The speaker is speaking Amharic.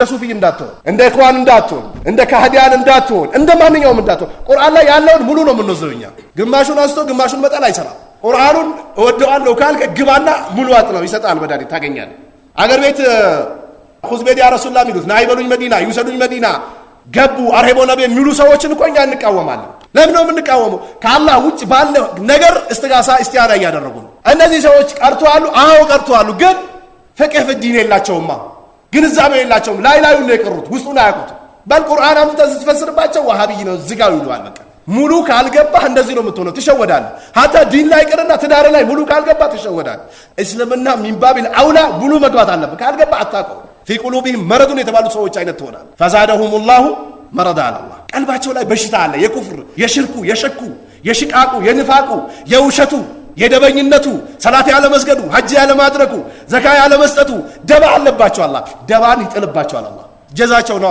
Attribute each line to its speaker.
Speaker 1: እንደ ሱፊ እንዳትሆን እንደ ኢኽዋን እንዳትሆን እንደ ካህዲያን እንዳትሆን እንደ ማንኛውም እንዳትሆን ቁርአን ላይ ያለውን ሙሉ ነው የምንወስደው እኛ። ግማሹን አንስቶ ግማሹን መጣል አይሰራም። ቁርአኑን እወደዋለሁ ካልክ ግባና ሙሉ አጥናው፣ ይሰጣል መድኃኒት ታገኛለህ። አገር ቤት ሁዝቤድ ያ ረሱላ የሚሉት ና ይበሉኝ መዲና ይውሰዱኝ መዲና ገቡ አርሄቦ ነቢ የሚሉ ሰዎችን እኮ እኛ እንቃወማለን። ለምን ነው የምንቃወመው? ከአላህ ውጭ ባለ ነገር እስትጋሳ እስቲያዳ እያደረጉ ነው። እነዚህ ሰዎች ቀርተዋሉ። አዎ ቀርተዋሉ፣ ግን ፍቅህ ፍዲን የላቸውማ ግንዛቤ የላቸውም። ላይ ላዩ ነው የቀሩት፣ ውስጡን አያውቁት። በል ቁርአን አምጥተህ ስትፈስርባቸው ዋሃብይ ነው ዝጋው ይለዋል። በቃ ሙሉ ካልገባህ እንደዚህ ነው የምትሆነው፣ ትሸወዳለህ። ሀታ ዲን ላይ ቅርና ትዳር ላይ ሙሉ ካልገባህ ትሸወዳለህ። እስልምና ሚንባቢል አውላ ሙሉ መግባት አለብህ። ካልገባህ አታውቀው። ፊ ቁሉቢህም መረዱን የተባሉ ሰዎች አይነት ትሆናለህ። ፈዛደሁም ላሁ መረዳ አላላ ቀልባቸው ላይ በሽታ አለ። የኩፍር የሽርኩ የሸኩ የሽቃቁ የንፋቁ የውሸቱ የደበኝነቱ፣ ሰላት ያለመስገዱ፣ ሀጅ ያለማድረጉ፣ ዘካ ያለመስጠቱ ደባ አለባቸው። አላህ ደባን ይጥልባቸዋል። አላህ ጀዛቸው ነው።